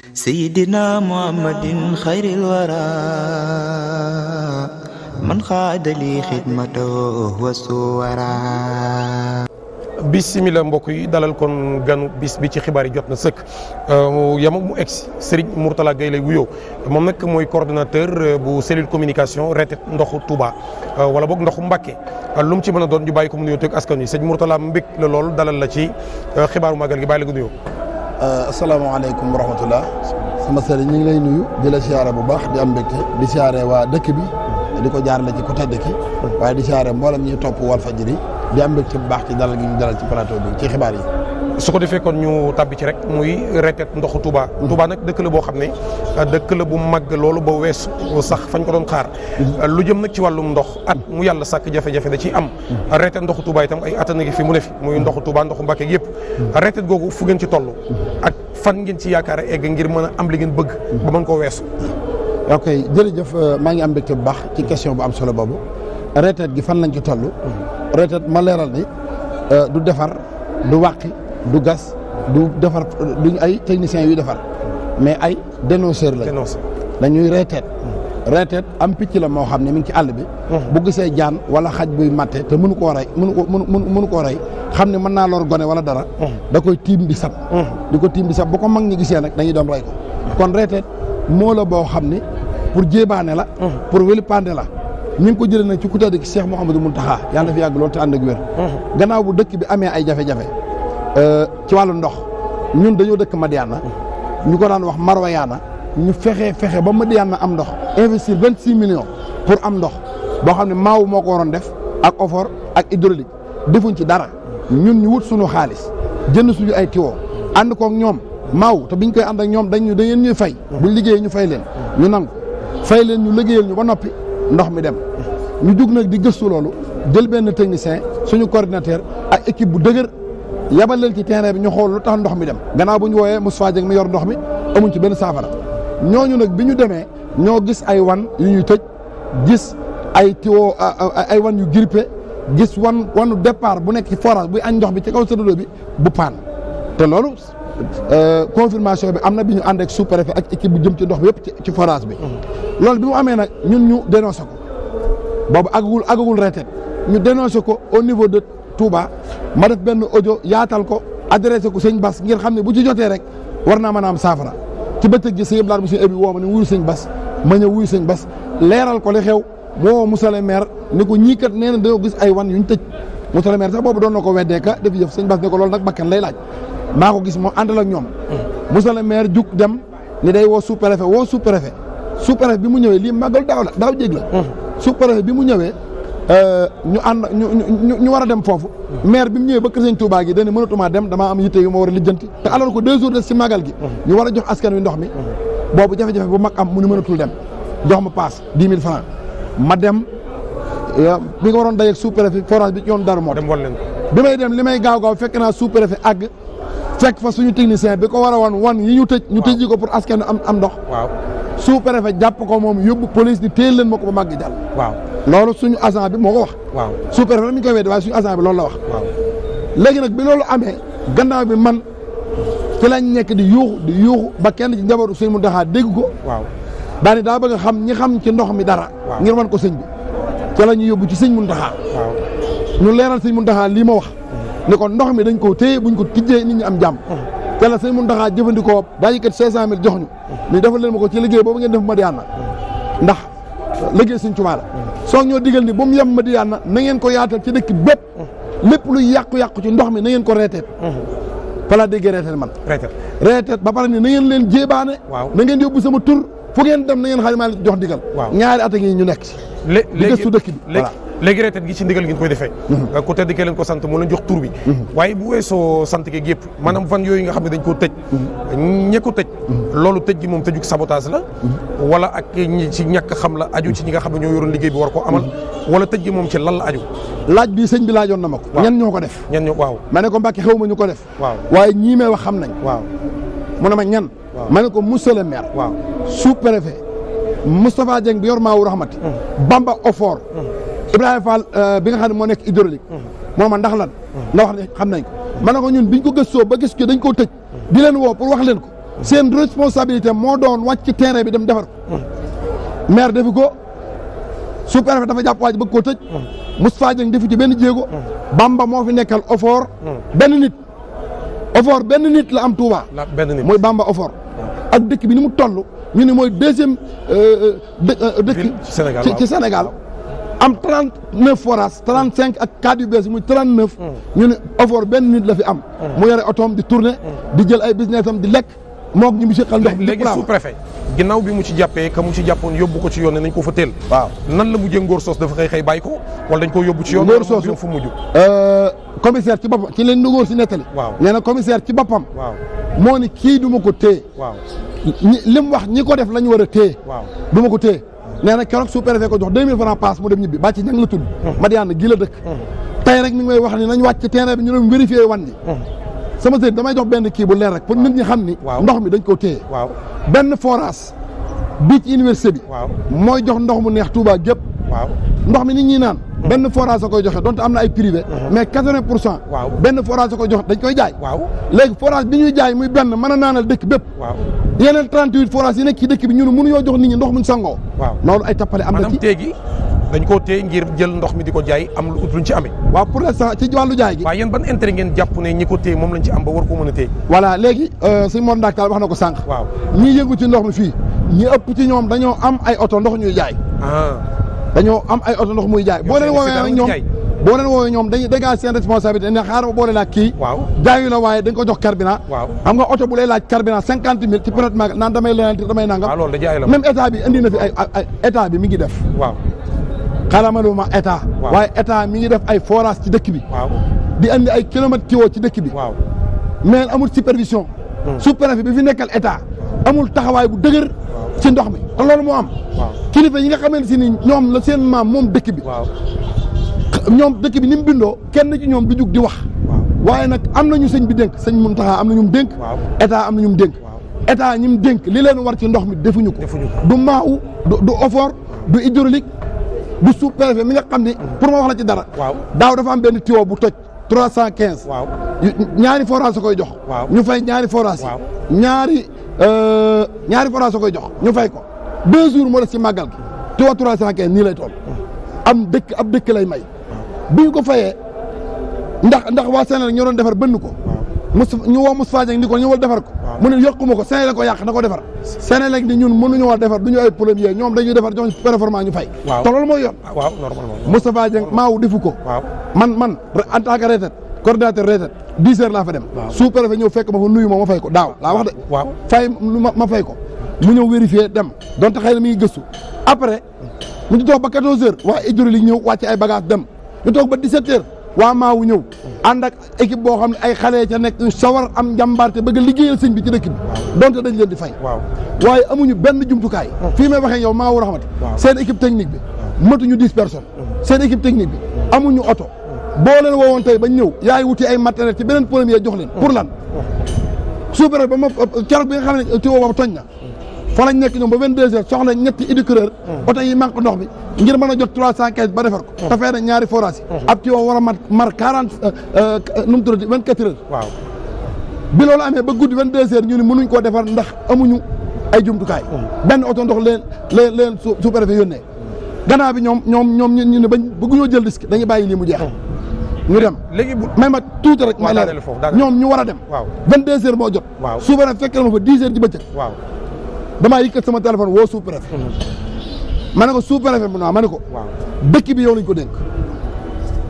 سيدنا محمد خير الورى من خاد لي خدمته وسورا bisimila mbokk yi dalal kon ganu bis bi ci xibaar yi jot na sëkk yama mu egsi Serigne Mourtala Gueye lay wuyoo moom nag mooy coordonnateur euh, bu cellule communication retet ndoxu Touba euh, wala boog ndoxu Mbacké euh, lu mu ci mën a doon ñu bàyyi ko mu nuyoo teg askan wi sëñ Mourtala mbég la lool dalal la ci xibaaru màggal gi bàyyi la ko nuyoo Euh, asalaamaaleykum wa rahmatullah sama sëriñ ñu ngi lay nuyu di la siyaare bu baax di am mbégte di siyaare waa dëkk bi di ko jaarale ci côté dëkk waaye di siyaare mboolem ñuy topp Walfadjri di am mbégte bu baax ci dalal gi ñu dalal ci plateau bi ci xibaar yi su ko defee kon ñu tàbbi ci rek muy reteet ndoxu Touba. Mm-hmm. Touba nag dëkk la boo xam ne dëkk la bu màgg loolu ba wees sax fañ ko doon xaar. Mm-hmm. lu jëm nag ci wàllum ndox at mm-hmm. mu yàlla sàkk jafe-jafe da ciy am. retet ndoxu Touba itam ay at a ngi fi mu ne fi muy ndoxu Touba ndoxu Mbàkke yëpp. retet googu fu ngeen ci toll. ak fan ngeen ci yaakaar egg ngir mën a am li ngeen bëgg. ba mën koo weesu. ok jëf euh, maa ngi am mbégte bu baax ci question bu am solo boobu retet gi fan lañ ci toll. ma leeral ni euh, du defar du wàqi du gas du defar duñ ay techniciens yuy defar mais ay dénonceur lañ dañuy reeteet reeteet am picc la moo xam ne mi ngi ci àll bi hmm. bu gisee jaan wala xaj buy matte te mënu koo rey mënu ko mënu koo rey xam ne mën naa lor gone wala dara hmm. da koy tiim bi sab hmm. di ko tiim bi sab bu ko mag ñi gisee nag dañuy doom rey ko kon reeteet moo la boo xam ni pour jéebaane la pour wélipande la ñu ngi ko jëlee nag ci ku tedd ki Cheikh Mouhamadou Mountakha yàlla na fi yàgg loolu te ànd ak wér gannaaw bu bi amee ay jafe Euh, ci wàllu ndox ñun dañoo dëkk Madiana ñu ko daan wax Marwayaana ñu fexee fexe ba Madiana am ndox investir vingt six millions pour am ndox boo xam ne maaw moo ko waroon def ak offort ak hydraulique defuñ ci dara ñun ñu wut suñu xaalis jënd suñu ay tiwo ànd koog ñoom maaw te biñ koy ànd ak ñoom dañ ñu dañeen ñuy fay buñ liggéeyee ñu fay leen ñu nangu fay leen ñu liggéeyal ñu ba noppi ndox mi dem ñu jug nag di gëstu loolu jël benn technicien suñu coordinateur ak équipe bu yabal leen ci terrain bi ñu xool lu tax ndox mi dem gannaaw bu ñu wooyee Moustapha Dieng mi yor ndox mi amuñ ci benn saafara ñooñu nag bi ñu demee ñoo gis ay wan yu ñuy tëj gis ay tiwo ay wan yu grippé gis wan wanu depart bu nekk ci forage buy añ bi ci kaw séddale bi bu paan te loolu euh, confirmation bi am na bi ñu ànd ak sous ak équipe bu jëm ci ndox bi yëpp ci forage bi. Mm-hmm. loolu bi mu amee nag ñun ñu dénoncé ko boobu agagul agagul retet ñu dénoncé ko au niveau de. Touba ma def benn audio yaatal ko adressé ko sëñ Bas ngir xam ne bu ci jotee rek war naa mën a am saafara ci bëccëg gi sëñ Blaat monsieur Ebi woo ma ne wuyu sëñ Bas ma ñëw wuyu sëñ Bas leeral ko li xew moo monsieur le ni ko ñii kat nee ni day woo sous-préfet woo sous-préfet sous-préfet bi mu ñëwee lii màggal daaw la daaw jég la sous-préfet bi mu ñëwee ñu ànd ñu ñu ñu war a dem foofu. maire bi mu ñëwee ba kër Sëñ Touba gi dañu mënatumaa dem damaa am yitte yu ma war a lijjanti. te alors que deux jours des si màggal gi. ñu war a jox askan wi ndox mi. boobu jafe-jafe bu mag am mu ñu mënatul dem jox ma paas ma dem bi nga waroon dajeeg sous préfet forage bi ci yoon Darou Mouhty. dem wan leen ko bi may dem li may gaaw gaaw fekk naa sous préfet àgg. fekk fa suñu technicien bi ko war a wan wan yi ñu tëj. ñu tëj ko pour askan am am ndox. waaw sous préfet jàpp ko moom yóbbu police di téye leen ma ko ba màgg jàll. waaw loolu suñu agent bi moo ko wax. waaw sous préfet mi ngi koy weddi waaye suñu agent bi loolu la wax. waaw léegi nag bi loolu amee gannaaw bi man ci lañ nekk di yuux di yuux ba kenn ci njabootu sëñ Muntaxa dégg ko. waaw daal di daa bëgg xam ñi xam ci ndox mi dara. ngir wan ko sëñ bi. ca la ñu yóbbu ci sëñ Muntaxa. waaw ñu leeral sëñ lii ma wax. ne kon ndox mi dañ koo téye buñ ko tijjee nit ñi am jàmm te hmm. la sëñ Muntaxa jëfandikoo daajikat cinq cent mille jox ñu hmm. ni defal leen ma ko ci liggéey boobu ngeen def Madiyana hmm. ndax liggéey sëñ Tuubaa la soo ñoo digal ni ba mu yem Madiyana na ngeen ko yaatal ci dëkk bépp lépp lu yàqu-yàqu ci ndox mi na ngeen ko reeteet fala déggee reeteet man reeteet ba pare ni na leen jéebaane na ngeen yóbbu sama tur fu ngeen dem na ngeen xaalimaa jox ndigal ñaari at a ngi ñu nekk ci léegi su dëkk bi voilà léegi retraite gi ci ndigal gi ñu koy defee mhm. ku tedd kee leen ko sant moo leen jox tur bi mhm. waaye bu weesoo sant gi yëpp maanaam fan yooyu nga xam ne dañ koo tëj mhm. ñe tëj loolu tëj gi moom tëjuk sabotage la wala ak ñi ci ñàkk xam la aju ci ñi nga xam ne ñoo yoroon liggéey bi war koo amal wala tëj gi moom ci lan la aju laaj bi sëñ bi laajoon na ma ko ñan ñoo ko def ñan ñoo waaw ma ne ko Mbàkke xew ma ñu ko def waaw waaye ñii may wax xam nañ waaw mu ne ma ñan ma ne ko monsieur le maire waaw sous préfet Moustapha Dieng bi yor Maou Rahmati Bamba Ofor Ibrahima Fall euh, bi nga xam ne moo nekk hydraulique mhm. moo man ndax lan mhm. la wax ne xam nañ ko ma ne ko ñun biñ ko gëstoo ba gis ko dañ koo tëj di leen woo pour wax leen ko mhm. seen responsabilité moo doon wàcc ci terrain bi dem defar ko maire defi ko sous-préfet dafa jàpp waaj ba ko koo tëj Moustapha Dieng defi ci benn jéego Bamba moo fi nekkal Ofor benn nit Ofor benn nit la am Touba mooy Bamba Ofor ak dëkk bi nu mu toll ñu ne mooy deuxième euh, euh, dëkk ci Sénégal am trente neuf forages trente cinq ak cadre yu bees yi muy trente neuf hmm. ñu ne ofoor benn nit la fi am hmm. mu yore otoom di tourner hmm. di jël ay business am di lekk moog ñu mu siqal ndox léegi sous préfet ginnaaw bi mu ci jàppee que ci jàppoon yóbbu ko ci yoon ne nañ ko fa teel waaw nan la mujjee ngóor soos dafa xëy xëy bàyyi ko wala dañ ko yóbbu ci yoon ngóor soos fu mujj euh, commissaire ci boppam ci leen ngóor si nettali waaw nee na commissaire ci boppam waaw moo ni kii du ma ko téye waaw li mu wax ñi ko def la ñu war a téye waaw du ma ko téye nee na keroog sous préfet ko jox 2000 francs passe mu dem ñibbi bàcc ñang la tudd Madiane gi la dëkk tey rek mi ngi wax ni nañ wàcc terrain bi ñu doon vérifier wan ji sama sëriñ damay jox benn kii bu leer rek pour nit ñi xam ni ndox mi dañ koo téye benn forage bi ci université bi mooy jox ndox mu neex Touba gépp ndox mi nit ñi naan benn forage a koy joxe donte am na ay privé mhm. mais quatre-vingt pour cent benn forage a koy joxe dañ koy jaay léegi forage bi ñuy jaay muy benn mën a naanal dëkk bépp yeneen trente huit forage yi nekk ci dëkk bi ñun mënu yoo jox nit ñi ndox muñ sangoo loolu ay tappale ngir jël ndox mi di ko jaay am lu ut luñ ci waaw pour l'instant ci wàllu jaay gi waaw yéen ban intérêt ngeen jàpp ne ñi ko téye moom lañ ci am ba war ko mën a téye voilà léegi euh, suñ Mor Ndaak Taal wax na ko sànq ñii yëngu ci ndox mi fii ñi ëpp ci ñoom dañoo am ay oto ndox ñuy jaay ah. dañoo am ay oto ndox muy jaay boo leen woowee ñoom boo leen woowee ñoom dañuy dégg seen responsabilité xaaral ma boole laa kii jaayu waaye dañ ko jox carburant xam nga oto bu lay laaj carburant cinquante mille ci période mag naan damay leenante damay nangam même état bi indi na fi ay état bi mi ngi def xalamaluma état waaye état mi ngi def ay forage ci dëkk bi di andi ay kilomètres kiwo ci dëkk bi mais amul supervision hmm. sous-préfet bi fi nekkal état amul taxawaay bu dëgër ci ndox mi te moo am. kilifa yi nga xamante si ni ñoom la seen maam moom dëkk bi. ñoom dëkk bi ni mu bindoo kenn ci ñoom du jug di wax. waaye nag am nañu sëñ bi dénk sëñ Muntaxa am na ñu mu dénk. état am na ñu mu dénk. état ñi mu dénk li leen war ci ndox mi defuñu ko. du maaw du du effort du hydraulique du sous-préfet mi nga xam ni. Mm-hmm. pour ma wax la ci dara. daaw dafa am benn tuyau bu toj. trois cent quinze. ñaari forage su koy jox. ñu fay ñaari forage yi ñaari. ñaari forage koy jox ñu fay ko deux jours moo des ci màggal gi trois trois cent quinze nii lay tool am dëkk ab dëkk lay may bi ñu ko fayee ndax ndax waa Sénégal ñoo doon defar bënn ko mos ñu woo ko ñëwal defar ko mu ne ko Sénégal ko yàq na ko defar Sénégal ni ñun mënuñu war defar du ñu ay premier ñoom dañuy defar jox performant ñu fay te loolu mooy yoon ah, Moustapha Dieng maaw defu ko man man en tant que retraite coordinateur retraite dix heures laa fa dem sous préfet ñëw fekk ma fa nuyu ma ma fay ko daaw laa wax de waaw fay ma fay ko mu ñëw vérifier dem donte xëy na mi gëstu après mu ñu ba quatorze heures waa hydraulique ñëw wàcce ay bagage dem ñu toog ba dix-sept heures waa maawu ñëw ànd ak équipe boo xam ne ay xale ca nekk ñu sawar am njàmbaarte ba a liggéeyal sëñ bi ci dëkk bi donte dañ leen di fay waaye amuñu benn jumtukaay oh. fii may waxee yow maawu raxmati seen équipe technique bi matuñu dix personnes oh. seen équipe technique bi oh. oto boo leen woowoon tey bañ ñëw yaay wuti ay matériel ci beneen premier jox leen pour lan sous-préfet ba ma keroog bi nga xam ne ci woowa toñ na fa lañ nekk ñoom ba vingt deux heures soxla ñetti éducateurs oto yi manque ndox bi ngir mën a jot trois cent quinze ba defar ko mm. te fee na ñaari forage yi mm-hmm. ab ci woo war a mat mar quarante euh, euh, nu mu tuddati vingt quatre heures bi loolu amee ba guddi vingt deux heures ñu ne mënuñ koo defar ndax amuñu ay jumtukaay mm. benn oto ndox leen leen leen sous-préfet yónnee gannaaw bi ñoom ñoom ñoom ñu ne bañ bëgguñoo jël risque dañuy bàyyi lii mu jeex mm. ñu dem léegi bu may ma tuuti ñoom ñu war a dem waaw vingt deux heures moo ma fa dix woo sous préfet hmm. ma ne ko sous préfet bi naa ma ne ko dëkk bi ko dénk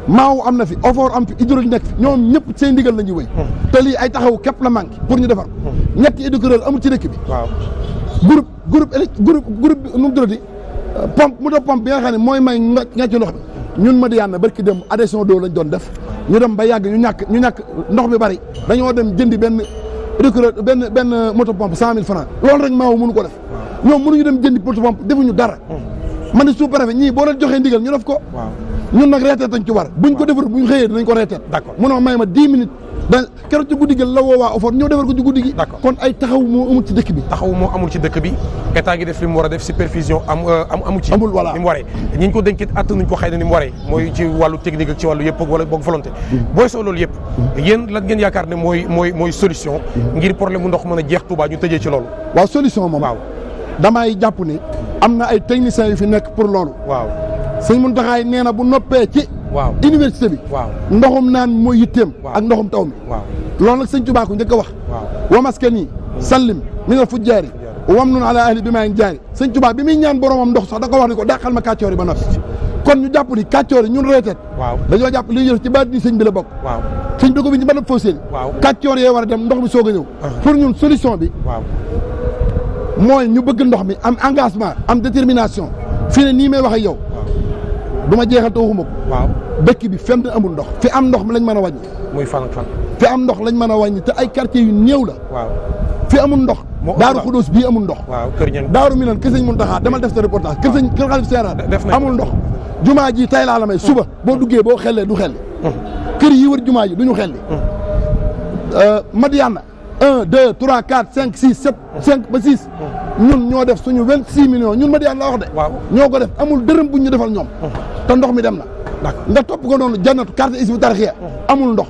maaw am na fi ofoor am fi hydraulique nekk fi ñoom ñëpp seen ndigal la ñuy wëy hmm. te lii ay taxaw képp la manqué pour ñu defar hmm. ñetti éducateur amul ci dëkk bi groupe groupe groupe groupe nu mu tuddati pompe bi nga xam ne mooy may nga ci ndox ñun Madiyana barki dem adhésion d'eau lañ def ñu dem ba yàgg ñu ñàkk ñu ñàkk ndox bi bari dañoo dem jëndi benn récureur benn benn moto pompe cent mille francs loolu rek maaw mënu ko def ñoom mënuñu dem jëndi moto pompe defuñu dara man ni sous ñii boo leen joxee ndigal ñu def ko ñun nag reeteet dañ ci war buñ ko defar buñ xëyee dinañ ko reeteet munoo may ma dix minutes da keroog ci guddi gi la woo waa OFOR ñëw defar ko ci guddi gi kon ay taxaw moo amul ci dëkk bi taxaw moo amul ci dëkk bi état gi def li mu war a def supervision am euh, am amu ci amul voilà ni mu waree ñi ni mu waree mooy ci wàllu technique ak ci wàllu yëpp wala boog volonté mm-hmm. booy soo loolu yëpp mm-hmm. yéen lan ngeen yaakaar ne mooy solution mm-hmm. ngir problème ndox mën a jeex Touba ñu tëjee ci loolu waaw solution moom waaw damay jàpp ne am na ay techniciens yi fi nekk pour loolu waaw sëñ waaw université bi. waaw ndoxum naan mooy yitteem. ak ndoxum taw mi. waaw loolu nag sëñ Tuubaa ko njëkk a wax. waaw wa maskani sallim minal jaari wam nun ala ahli bi maa ngi jaari sëñ Tuubaa bi muy ñaan boromam ndox sax da ko wax ni ko dàqal ma kàccoor yi ba noppi. kon ñu jàpp ni kàccoor yi ñun reeteet. waaw dañoo jàpp li ñu ci baat di sëñ bi bokk. waaw sëñ bi ko bi ñu mën a faussé. waaw kàccoor yee war a dem ndox mi soog a ñëw. Ah. pour ñun solution bi. waaw mooy ñu bëgg ndox mi am engagement am détermination fii ne nii may wax yow du ma jeexal te waxuma ko. waaw dëkk bi fenn amul ndox. fi am ndox mi lañ man a wàññi. muy fan ak fan. fi am ndox lañ mën a wàññi te ay quartiers yu néew la. waaw fi amul ndox. moo daaru xudóos bii amul ndox. waaw kër ñan daaru mi naan kër sëñ Muntaxa demal def sa reportage kër sëñ kër xalif seeraat amul ndox jumaa ji tay laa la may suba mm. boo duggee boo xellee du xelli mm. kër yi wër jumaa ji du ñu xelli mm. euh, Madiana un deux trois quatre cinq six sept cinq ba six ñun ñoo def suñu vingt six millions ñun Madiyana laa wax de. waaw ñoo ko def amul dërëm buñ ñu defal ñoom. te ndox mi dem na. nga topp ko noonu jannatu carte Hizbut Tarqiyyah amul ndox.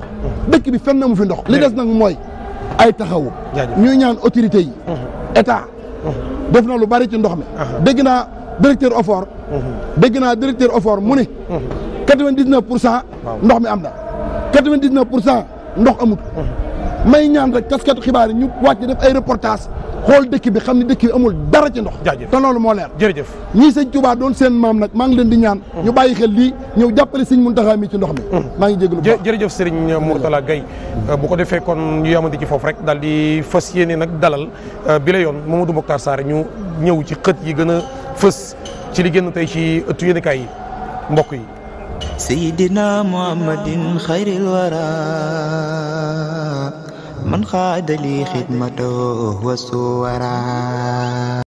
dëkk bi fenn mu fi ndox. li des nag mooy ay taxawu. ñuy ñaan autorité yi. état. def na lu bari ci ndox mi. dëgg naa directeur OFOR. dëgg naa directeur OFOR mu ne. quatre vingt dix pour cent. ndox mi am na. quatre vingt dix neuf pour cent ndox amut. may ñaan rek taskatu xibaar yi ñu wàcc def ay reportage xool dëkk bi xam ne dëkk bi amul dara ci ndox te loolu moo leer jërëjëf ñii sëñ Touba doon seen maam nag maa ngi leen di ñaan mm-hmm. ñu bàyyi xel lii ñëw jàppale sëñ Muntaxa mi ci ndox mi mm-hmm. maa ngi jégalu jërëjëf sëriñ Mourtala Gaye mm-hmm. bu ko defee kon ñu yamante ci foofu rek daal di fas yéene nag dalal euh, bi la yoon Mamadou Mokhtar Sarr ñu ñëw ci xët yi gën a fës ci li génn tey ci ëttu yéenekaay yi mbokk yi Seydina Muhammadin xayril wara من خاد لي خدمته هو السورى